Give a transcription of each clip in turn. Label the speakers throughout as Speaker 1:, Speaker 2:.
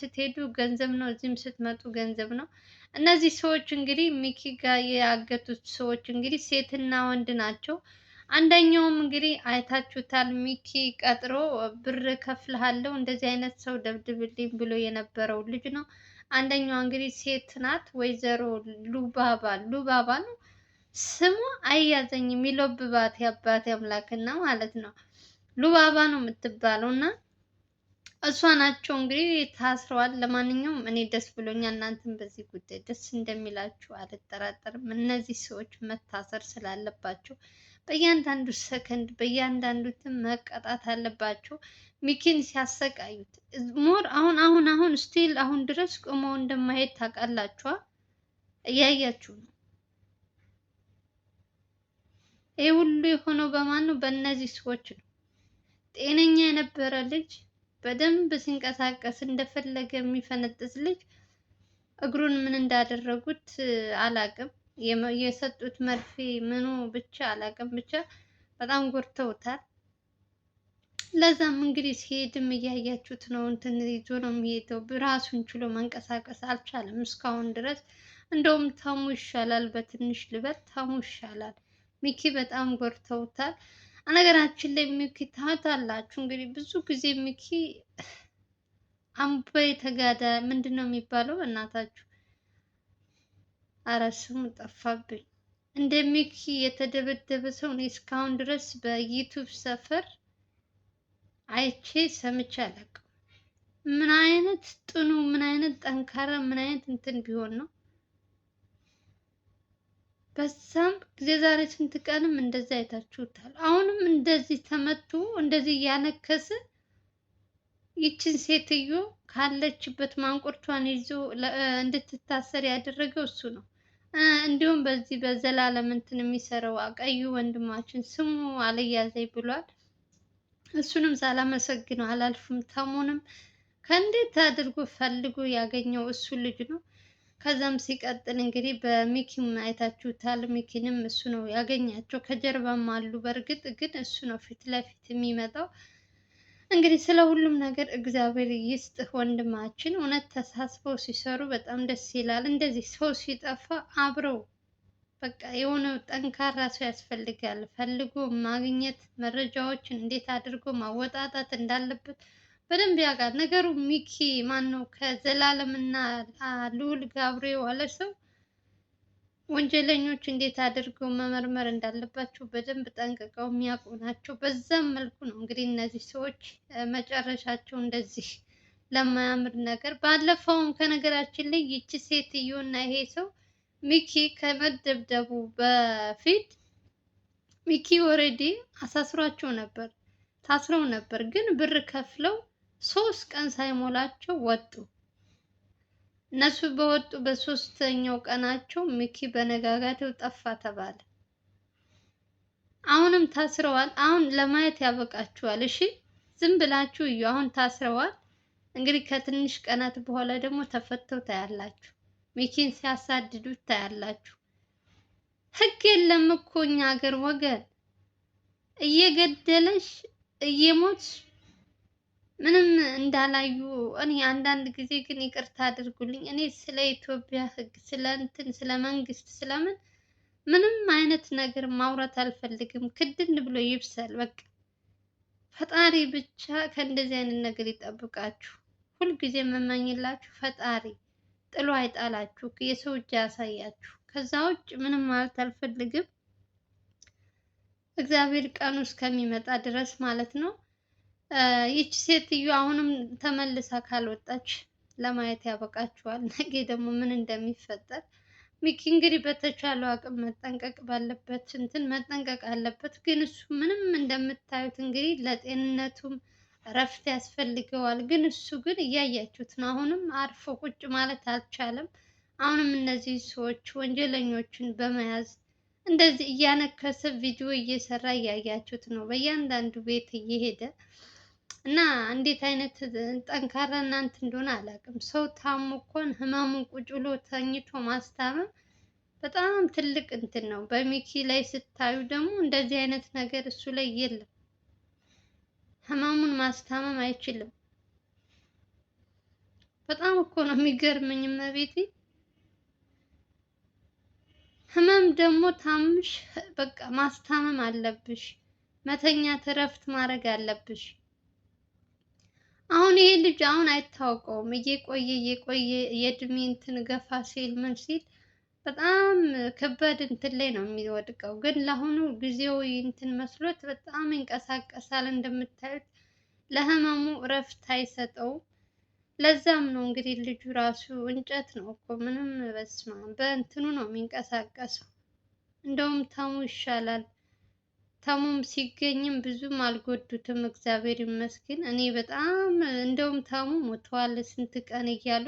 Speaker 1: ስትሄዱ ገንዘብ ነው፣ እዚህም ስትመጡ ገንዘብ ነው። እነዚህ ሰዎች እንግዲህ ሚኪ ጋር ያገቱት ሰዎች እንግዲህ ሴትና ወንድ ናቸው። አንደኛውም እንግዲህ አይታችሁታል። ሚኪ ቀጥሮ ብር ከፍልሃለሁ እንደዚህ አይነት ሰው ደብድብልኝ ብሎ የነበረው ልጅ ነው። አንደኛዋ እንግዲህ ሴት ናት፣ ወይዘሮ ሉባባ ሉባባ ነው ስሙ አያዘኝም። ይሎብባት የአባቴ አምላክና ማለት ነው ሉባባ ነው የምትባለው እና እሷ ናቸው እንግዲህ ታስረዋል። ለማንኛውም እኔ ደስ ብሎኛል። እናንተም በዚህ ጉዳይ ደስ እንደሚላችሁ አልጠራጠርም። እነዚህ ሰዎች መታሰር ስላለባቸው በእያንዳንዱ ሰከንድ በእያንዳንዱትም መቀጣት አለባቸው። ሚኪን ሲያሰቃዩት ሞር አሁን አሁን አሁን ስቲል አሁን ድረስ ቆመው እንደማሄድ ታውቃላችኋ። እያያችሁ ነው። ይህ ሁሉ የሆነው በማን ነው? በእነዚህ ሰዎች ነው። ጤነኛ የነበረ ልጅ በደንብ ሲንቀሳቀስ እንደፈለገ የሚፈነጥስ ልጅ እግሩን ምን እንዳደረጉት አላቅም። የሰጡት መርፌ ምኑ ብቻ አላቅም፣ ብቻ በጣም ጎድተውታል። ለዛም እንግዲህ ሲሄድም እያያችሁት ነው። እንትን ይዞ ነው የሚሄደው። ራሱን ችሎ መንቀሳቀስ አልቻለም እስካሁን ድረስ። እንደውም ታሙ ይሻላል፣ በትንሽ ልበት ታሙ ይሻላል። ሚኪ በጣም ጎድተውታል። ነገራችን ላይ ሚኪ ታውቃላችሁ እንግዲህ ብዙ ጊዜ ሚኪ አምባይ ተጋዳ ምንድን ነው የሚባለው? እናታችሁ አረ ስሙ ጠፋብኝ። እንደ ሚኪ የተደበደበ ሰው እኔ እስካሁን ድረስ በዩቱብ ሰፈር አይቼ ሰምቼ አላውቅም። ምን አይነት ጥኑ፣ ምን አይነት ጠንካራ፣ ምን አይነት እንትን ቢሆን ነው በዛም ጊዜ ዛሬ ስንት ቀንም እንደዚህ አይታችሁታል። አሁንም እንደዚህ ተመቶ እንደዚህ እያነከሰ ይችን ሴትዮ ካለችበት ማንቆርቿን ይዞ እንድትታሰር ያደረገው እሱ ነው። እንዲሁም በዚህ በዘላለም እንትን የሚሰራው ቀዩ ወንድማችን ስሙ አልያዘኝ ብሏል። እሱንም ሳላመሰግነው አላልፍም። ተሙንም ከእንዴት አድርጎ ፈልጎ ያገኘው እሱ ልጅ ነው። ከዛም ሲቀጥል እንግዲህ በሚኪም አይታችሁታል። ሚኪንም እሱ ነው ያገኛቸው። ከጀርባም አሉ። በእርግጥ ግን እሱ ነው ፊት ለፊት የሚመጣው። እንግዲህ ስለ ሁሉም ነገር እግዚአብሔር ይስጥ ወንድማችን። እውነት ተሳስበው ሲሰሩ በጣም ደስ ይላል። እንደዚህ ሰው ሲጠፋ አብረው በቃ የሆነ ጠንካራ ሰው ያስፈልጋል። ፈልጎ ማግኘት መረጃዎችን እንዴት አድርጎ ማወጣጣት እንዳለበት በደንብ ያውቃል። ነገሩ ሚኪ ማን ነው ከዘላለምና ልዑል ጋብሬው ሰው ወንጀለኞች እንዴት አድርገው መመርመር እንዳለባቸው በደንብ ጠንቅቀው የሚያውቁ ናቸው። በዛም መልኩ ነው እንግዲህ እነዚህ ሰዎች መጨረሻቸው እንደዚህ ለማያምር ነገር። ባለፈውም ከነገራችን ላይ ይቺ ሴትዮ እና ይሄ ሰው ሚኪ ከመደብደቡ በፊት ሚኪ ኦልሬዲ አሳስሯቸው ነበር፣ ታስረው ነበር ግን ብር ከፍለው ሶስት ቀን ሳይሞላቸው ወጡ። እነሱ በወጡ በሶስተኛው ቀናቸው ሚኪ በነጋጋቴው ጠፋ ተባለ። አሁንም ታስረዋል። አሁን ለማየት ያበቃችኋል። እሺ ዝም ብላችሁ እዩ። አሁን ታስረዋል። እንግዲህ ከትንሽ ቀናት በኋላ ደግሞ ተፈተው ታያላችሁ። ሚኪን ሲያሳድዱ ታያላችሁ። ህግ የለም እኮ እኛ ሀገር ወገን እየገደለሽ እየሞትሽ ምንም እንዳላዩ እኔ አንዳንድ ጊዜ ግን ይቅርታ አድርጉልኝ። እኔ ስለ ኢትዮጵያ ሕግ ስለ እንትን ስለ መንግስት ስለምን ምንም አይነት ነገር ማውራት አልፈልግም። ክድን ብሎ ይብሰል በቃ። ፈጣሪ ብቻ ከእንደዚህ አይነት ነገር ይጠብቃችሁ። ሁልጊዜ የምመኝላችሁ ፈጣሪ ጥሎ አይጣላችሁ፣ የሰው እጅ ያሳያችሁ። ከዛ ውጭ ምንም ማለት አልፈልግም። እግዚአብሔር ቀኑ እስከሚመጣ ድረስ ማለት ነው። ይቺ ሴትዮ አሁንም ተመልሳ ካልወጣች ለማየት ያበቃችኋል። ነገ ደግሞ ምን እንደሚፈጠር ሚኪ እንግዲህ በተቻለው አቅም መጠንቀቅ ባለበት እንትን መጠንቀቅ አለበት። ግን እሱ ምንም እንደምታዩት እንግዲህ ለጤንነቱም እረፍት ያስፈልገዋል። ግን እሱ ግን እያያችሁት ነው። አሁንም አርፎ ቁጭ ማለት አልቻለም። አሁንም እነዚህ ሰዎች ወንጀለኞችን በመያዝ እንደዚህ እያነከሰ ቪዲዮ እየሰራ እያያችሁት ነው። በእያንዳንዱ ቤት እየሄደ እና እንዴት አይነት ጠንካራ እናንት እንደሆነ አላውቅም። ሰው ታሞ እኮን ህመሙን ቁጭ ብሎ ተኝቶ ማስታመም በጣም ትልቅ እንትን ነው። በሚኪ ላይ ስታዩ ደግሞ እንደዚህ አይነት ነገር እሱ ላይ የለም። ህመሙን ማስታመም አይችልም። በጣም እኮ ነው የሚገርመኝ እመቤቴ። ህመም ደግሞ ታምሽ በቃ ማስታመም አለብሽ፣ መተኛት እረፍት ማድረግ አለብሽ። አሁን ይሄ ልጅ አሁን አይታወቀውም። እየቆየ እየቆየ የእድሜ እንትን ገፋ ሲል ምን ሲል በጣም ከበድ እንትን ላይ ነው የሚወድቀው። ግን ለአሁኑ ጊዜው እንትን መስሎት በጣም ይንቀሳቀሳል። እንደምታዩት ለህመሙ እረፍት አይሰጠውም። ለዛም ነው እንግዲህ ልጁ ራሱ እንጨት ነው እኮ ምንም በስማ በእንትኑ ነው የሚንቀሳቀሰው። እንደውም ታሙ ይሻላል። ተሙም ሲገኝም ብዙም አልጎዱትም፣ እግዚአብሔር ይመስገን። እኔ በጣም እንደውም ተሙ ሞተዋል ስንት ቀን እያሉ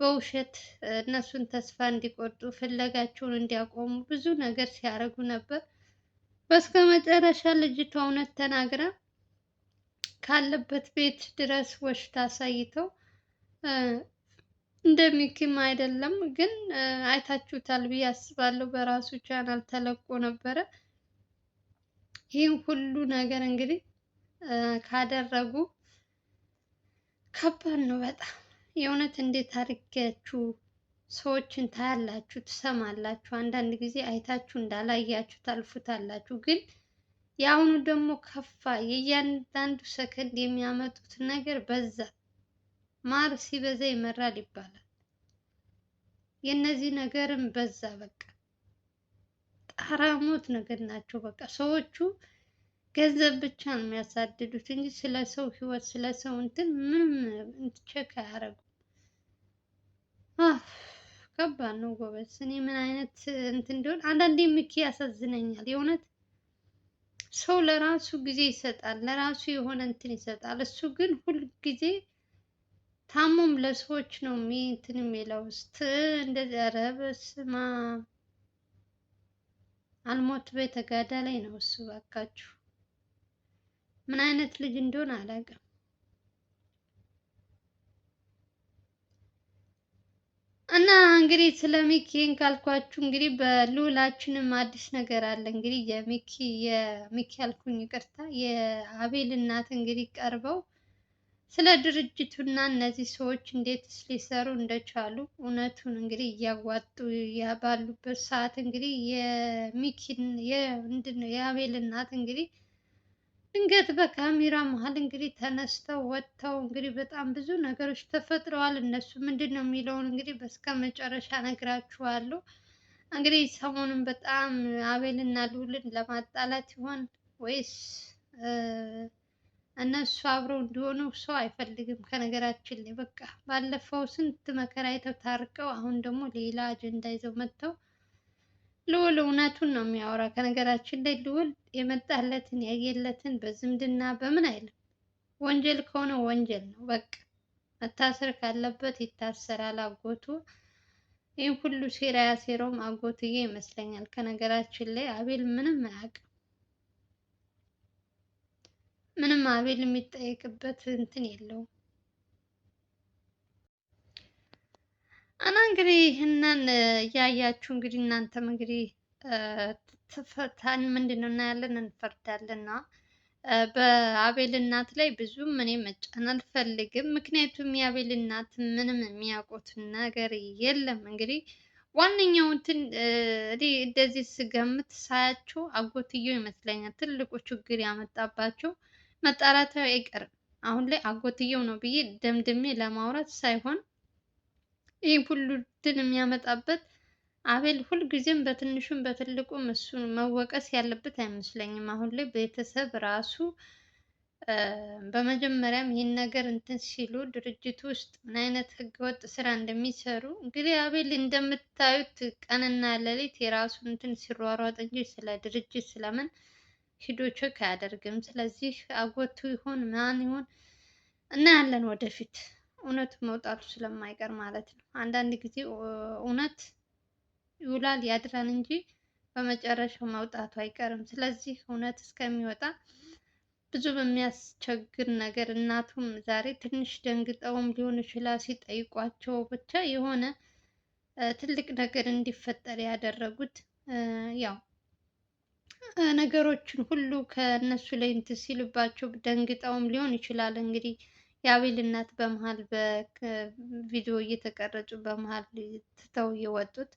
Speaker 1: በውሸት እነሱን ተስፋ እንዲቆርጡ ፍለጋቸውን እንዲያቆሙ ብዙ ነገር ሲያደርጉ ነበር። በስከ መጨረሻ ልጅቷ እውነት ተናግራ ካለበት ቤት ድረስ ወሽታ አሳይተው እንደ ሚኪም አይደለም ግን አይታችሁታል ብዬ አስባለሁ። በራሱ ቻናል ተለቆ ነበረ። ይህን ሁሉ ነገር እንግዲህ ካደረጉ ከባድ ነው በጣም የእውነት። እንዴት አድርጋችሁ ሰዎችን ታያላችሁ፣ ትሰማላችሁ። አንዳንድ ጊዜ አይታችሁ እንዳላያችሁ ታልፉታላችሁ። ግን የአሁኑ ደግሞ ከፋ። የእያንዳንዱ ሰከንድ የሚያመጡት ነገር በዛ። ማር ሲበዛ ይመራል ይባላል። የእነዚህ ነገርም በዛ በቃ ሐራሞት ነገር ናቸው። በቃ ሰዎቹ ገንዘብ ብቻ ነው የሚያሳድዱት እንጂ ስለ ሰው ህይወት፣ ስለ ሰው እንትን ምንም ቸክ አያደርጉም። ከባድ ነው ጎበዝ። እኔ ምን አይነት እንትን እንደሆነ አንዳንዴ ምኪ ያሳዝነኛል የእውነት ሰው ለራሱ ጊዜ ይሰጣል፣ ለራሱ የሆነ እንትን ይሰጣል። እሱ ግን ሁልጊዜ ታሞም ለሰዎች ነው እንትን የሚለው። ስት እንደዚህ ኧረ በስመ አብ አልሞት ቤተ ተጋዳላይ ነው እሱ። በቃችሁ። ምን አይነት ልጅ እንደሆነ አላውቅም። እና እንግዲህ ስለ ሚኪን ካልኳችሁ እንግዲህ በልዑላችንም አዲስ ነገር አለ። እንግዲህ የሚኪ የሚኪ ያልኩኝ ይቅርታ፣ የአቤል እናት እንግዲህ ቀርበው ስለ ድርጅቱና እነዚህ ሰዎች እንዴትስ ሊሰሩ እንደቻሉ እውነቱን እንግዲህ እያዋጡ ባሉበት ሰዓት እንግዲህ የሚኪን የአቤል እናት እንግዲህ ድንገት በካሜራ መሀል እንግዲህ ተነስተው ወጥተው እንግዲህ በጣም ብዙ ነገሮች ተፈጥረዋል። እነሱ ምንድን ነው የሚለውን እንግዲህ በስከ መጨረሻ ነግራችኋለሁ። እንግዲህ ሰሞኑን በጣም አቤልና ልዑልን ለማጣላት ይሆን ወይስ እነሱ አብረው እንዲሆኑ ሰው አይፈልግም። ከነገራችን ላይ በቃ ባለፈው ስንት መከራ የተታርቀው ታርቀው፣ አሁን ደግሞ ሌላ አጀንዳ ይዘው መጥተው ልውል እውነቱን ነው የሚያወራ። ከነገራችን ላይ ልውል የመጣለትን ያየለትን በዝምድና በምን አይልም። ወንጀል ከሆነ ወንጀል ነው በቃ መታሰር ካለበት ይታሰራል። አጎቱ ይህን ሁሉ ሴራ ያሴረውም አጎትዬ ይመስለኛል። ከነገራችን ላይ አቤል ምንም አያውቅም። ምንም አቤል የሚጠየቅበት እንትን የለውም። እና እንግዲህ ይህንን እያያችሁ እንግዲህ እናንተም እንግዲህ ትፈታን ምንድን ነው እናያለን፣ እንፈርዳለን። በአቤል እናት ላይ ብዙ እኔ መጫን አልፈልግም። ምክንያቱም የአቤል እናት ምንም የሚያውቁት ነገር የለም። እንግዲህ ዋነኛው እንትን እኔ እንደዚህ ስገምት ሳያቸው አጎትየው ይመስለኛል ትልቁ ችግር ያመጣባቸው መጣላት አይቀርም። አሁን ላይ አጎትየው ነው ብዬ ደምድሜ ለማውራት ሳይሆን ይህ ሁሉ ድል የሚያመጣበት አቤል ሁልጊዜም በትንሹም በትልቁም እሱ መወቀስ ያለበት አይመስለኝም። አሁን ላይ ቤተሰብ ራሱ በመጀመሪያም ይህን ነገር እንትን ሲሉ ድርጅቱ ውስጥ ምን አይነት ህገወጥ ስራ እንደሚሰሩ እንግዲህ አቤል እንደምታዩት ቀንና ሌሊት የራሱ እንትን ሲሯሯጥ እንጂ ስለ ድርጅት ስለምን ሂዶ ቼክ አያደርግም። ስለዚህ አጎቱ ይሁን ማን ይሁን እናያለን ወደፊት እውነቱ መውጣቱ ስለማይቀር ማለት ነው። አንዳንድ ጊዜ እውነት ይውላል ያድራል እንጂ በመጨረሻው መውጣቱ አይቀርም። ስለዚህ እውነት እስከሚወጣ ብዙ በሚያስቸግር ነገር እናቱም ዛሬ ትንሽ ደንግጠውም ሊሆን ይችላል ሲጠይቋቸው፣ ብቻ የሆነ ትልቅ ነገር እንዲፈጠር ያደረጉት ያው ነገሮችን ሁሉ ከነሱ ላይ እንትን ሲልባቸው ደንግጠውም ሊሆን ይችላል። እንግዲህ የአቤል እናት በመሀል በቪዲዮ እየተቀረጹ በመሀል ትተው የወጡት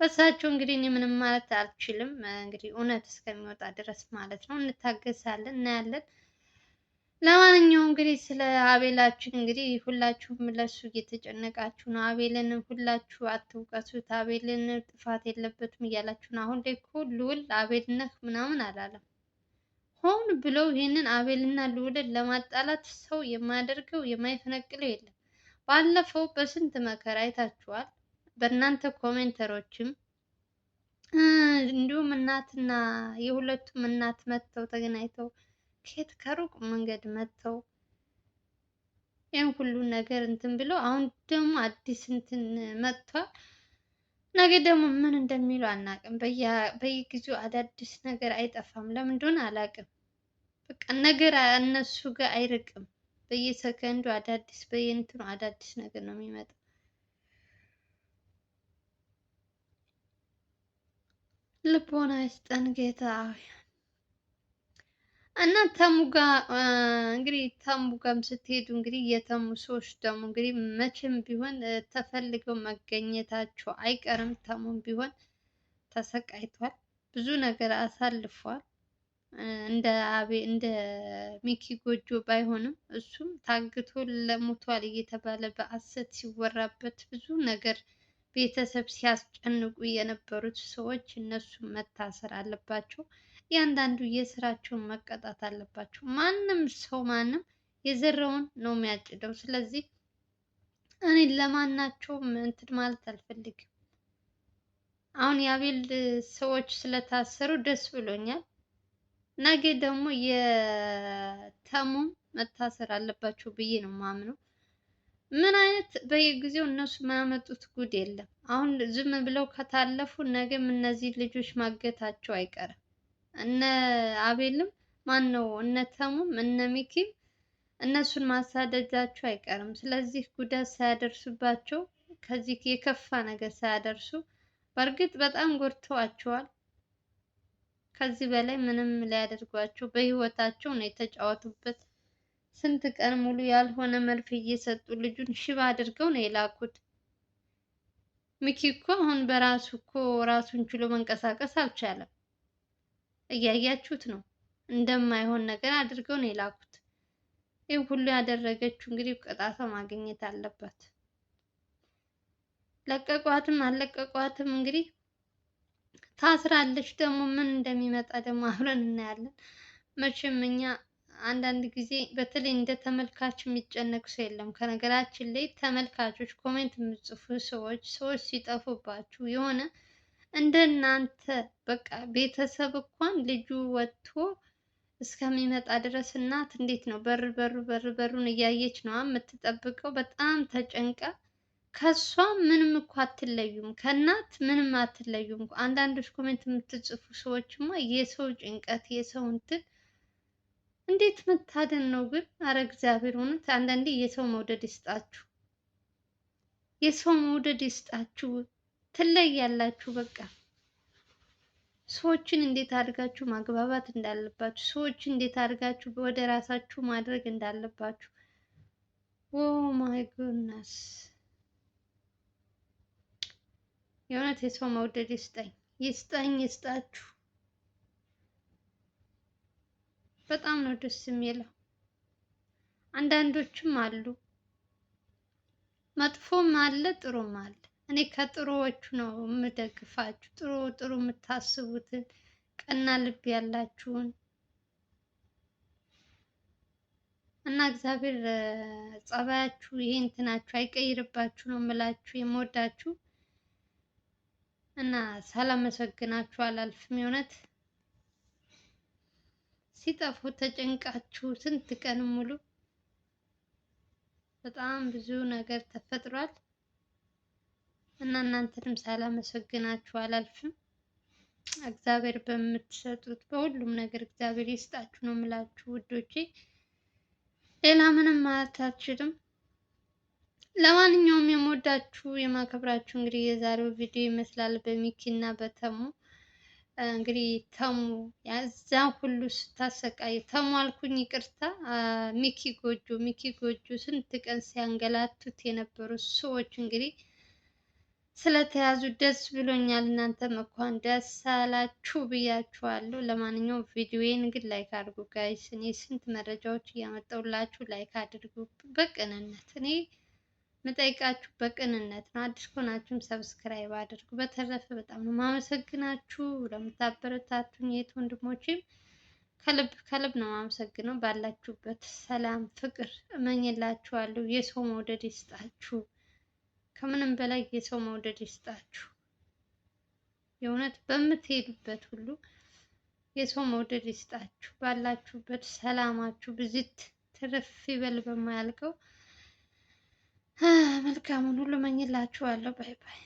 Speaker 1: በሳቸው እንግዲህ እኔ ምንም ማለት አልችልም። እንግዲህ እውነት እስከሚወጣ ድረስ ማለት ነው። እንታገሳለን፣ እናያለን። ለማንኛውም እንግዲህ ስለ አቤላችን እንግዲህ ሁላችሁም ለሱ እየተጨነቃችሁ ነው። አቤልን ሁላችሁ አትውቀሱት፣ አቤልን ጥፋት የለበትም እያላችሁ ነው። አሁን ላይ እኮ ልዑል አቤል ነህ ምናምን አላለም። ሆን ብለው ይህንን አቤልና ልዑልን ለማጣላት ሰው የማያደርገው የማይፈነቅለው የለም። ባለፈው በስንት መከራ አይታችኋል። በእናንተ ኮሜንተሮችም እንዲሁም እናትና የሁለቱም እናት መጥተው ተገናኝተው ከየት ከሩቅ መንገድ መጥተው ይህን ሁሉ ነገር እንትን ብለው አሁን ደግሞ አዲስ እንትን መጥቷል። ነገ ደግሞ ምን እንደሚለው አናውቅም። በየጊዜው አዳዲስ ነገር አይጠፋም። ለምን እንደሆነ አላውቅም። በቃ ነገር እነሱ ጋር አይርቅም። በየሰከንዱ አዳዲስ በየእንትኑ አዳዲስ ነገር ነው የሚመጣው። ልቦና ይስጠን ጌታ። እና ተሙ ጋር እንግዲህ ተሙ ጋርም ስትሄዱ እንግዲህ የተሙ ሰዎች ደግሞ እንግዲህ መቼም ቢሆን ተፈልገው መገኘታቸው አይቀርም። ተሙም ቢሆን ተሰቃይቷል፣ ብዙ ነገር አሳልፏል። እንደ አቤ እንደ ሚኪ ጎጆ ባይሆንም እሱም ታግቶ ለሞቷል እየተባለ በአሰት ሲወራበት ብዙ ነገር ቤተሰብ ሲያስጨንቁ የነበሩት ሰዎች እነሱ መታሰር አለባቸው። እያንዳንዱ የስራቸውን መቀጣት አለባቸው። ማንም ሰው ማንም የዘራውን ነው የሚያጭደው። ስለዚህ እኔ ለማናቸው እንትን ማለት አልፈልግም። አሁን የአቤል ሰዎች ስለታሰሩ ደስ ብሎኛል። ነገ ደግሞ የተሙም መታሰር አለባቸው ብዬ ነው ማምነው። ምን አይነት በየጊዜው እነሱ የማያመጡት ጉድ የለም። አሁን ዝም ብለው ከታለፉ ነገም እነዚህ ልጆች ማገታቸው አይቀርም። እነ አቤልም ማን ነው እነ ተሙም እነ ሚኪም እነሱን ማሳደጃቸው አይቀርም። ስለዚህ ጉዳት ሳያደርሱባቸው ከዚህ የከፋ ነገር ሳያደርሱ፣ በእርግጥ በጣም ጎድተዋቸዋል። ከዚህ በላይ ምንም ሊያደርጓቸው በህይወታቸው ነው የተጫወቱበት። ስንት ቀን ሙሉ ያልሆነ መርፌ እየሰጡ ልጁን ሽባ አድርገው ነው የላኩት። ሚኪ እኮ አሁን በራሱ እኮ ራሱን ችሎ መንቀሳቀስ አልቻለም። እያያችሁት ነው። እንደማይሆን ነገር አድርገው ነው የላኩት። ይህ ሁሉ ያደረገችው እንግዲህ ቅጣቷ ማግኘት አለባት። ለቀቋትም አለቀቋትም እንግዲህ ታስራለች። ደግሞ ምን እንደሚመጣ ደግሞ አብረን እናያለን። መቼም እኛ አንዳንድ ጊዜ በተለይ እንደ ተመልካች የሚጨነቅ ሰው የለም። ከነገራችን ላይ ተመልካቾች፣ ኮሜንት የምጽፉ ሰዎች ሰዎች ሲጠፉባችሁ የሆነ እንደናንተ በቃ ቤተሰብ እንኳን ልጁ ወጥቶ እስከሚመጣ ድረስ እናት እንዴት ነው በር በር በር በሩን እያየች ነው የምትጠብቀው። በጣም ተጨንቃ ከእሷ ምንም እኮ አትለዩም፣ ከእናት ምንም አትለዩም። አንዳንዶች ኮሜንት የምትጽፉ ሰዎችማ የሰው ጭንቀት የሰው እንትን እንዴት መታደን ነው ግን! አረ እግዚአብሔር እውነት አንዳንዴ የሰው መውደድ ይስጣችሁ፣ የሰው መውደድ ይስጣችሁ። ትለያላችሁ። በቃ ሰዎችን እንዴት አድርጋችሁ ማግባባት እንዳለባችሁ፣ ሰዎችን እንዴት አድርጋችሁ ወደ ራሳችሁ ማድረግ እንዳለባችሁ ኦ ማይ ጉድነስ የእውነት የሰው መውደድ ይስጠኝ ይስጠኝ ይስጣችሁ። በጣም ነው ደስ የሚለው። አንዳንዶችም አሉ መጥፎም አለ ጥሩም አለ። እኔ ከጥሩዎቹ ነው የምደግፋችሁ። ጥሩ ጥሩ የምታስቡትን ቀና ልብ ያላችሁን እና እግዚአብሔር ጸባያችሁ ይሄ እንትናችሁ አይቀይርባችሁ ነው የምላችሁ የምወዳችሁ እና ሳላመሰግናችሁ አላልፍም። የእውነት ሲጠፉ ተጨንቃችሁ ስንት ቀን ሙሉ በጣም ብዙ ነገር ተፈጥሯል። እና እናንተንም ሳላመሰግናችሁ አላልፍም። እግዚአብሔር በምትሰጡት በሁሉም ነገር እግዚአብሔር ይስጣችሁ ነው የምላችሁ ውዶቼ። ሌላ ምንም ማለት አልችልም። ለማንኛውም የምወዳችሁ የማከብራችሁ እንግዲህ የዛሬው ቪዲዮ ይመስላል በሚኪ እና በተሙ እንግዲህ ተሙ ያዛ ሁሉ ስታሰቃይ ተሙ አልኩኝ ይቅርታ፣ ሚኪ ጎጆ ሚኪ ጎጆ ስንት ቀን ሲያንገላቱት የነበሩት ሰዎች እንግዲህ ስለተያዙ ደስ ብሎኛል። እናንተም እንኳን ደስ አላችሁ ብያችኋለሁ። ለማንኛውም ቪዲዮዬን ግን ላይክ አድርጉ ጋይስ። እኔ ስንት መረጃዎች እያመጣሁላችሁ ላይክ አድርጉ በቅንነት። እኔ የምጠይቃችሁ በቅንነት ነው። አዲስ ከሆናችሁም ሰብስክራይብ አድርጉ። በተረፈ በጣም ነው ማመሰግናችሁ ለምታበረታቱኝ የት ወንድሞቼም ከልብ ከልብ ነው ማመሰግነው። ባላችሁበት ሰላም ፍቅር እመኝላችኋለሁ። የሰው መውደድ ይስጣችሁ። ከምንም በላይ የሰው መውደድ ይስጣችሁ። የእውነት በምትሄዱበት ሁሉ የሰው መውደድ ይስጣችሁ። ባላችሁበት ሰላማችሁ ብዝት ትርፍ ይበል በማያልቀው መልካሙን ሁሉ መኝላችኋለሁ። ባይ ባይ።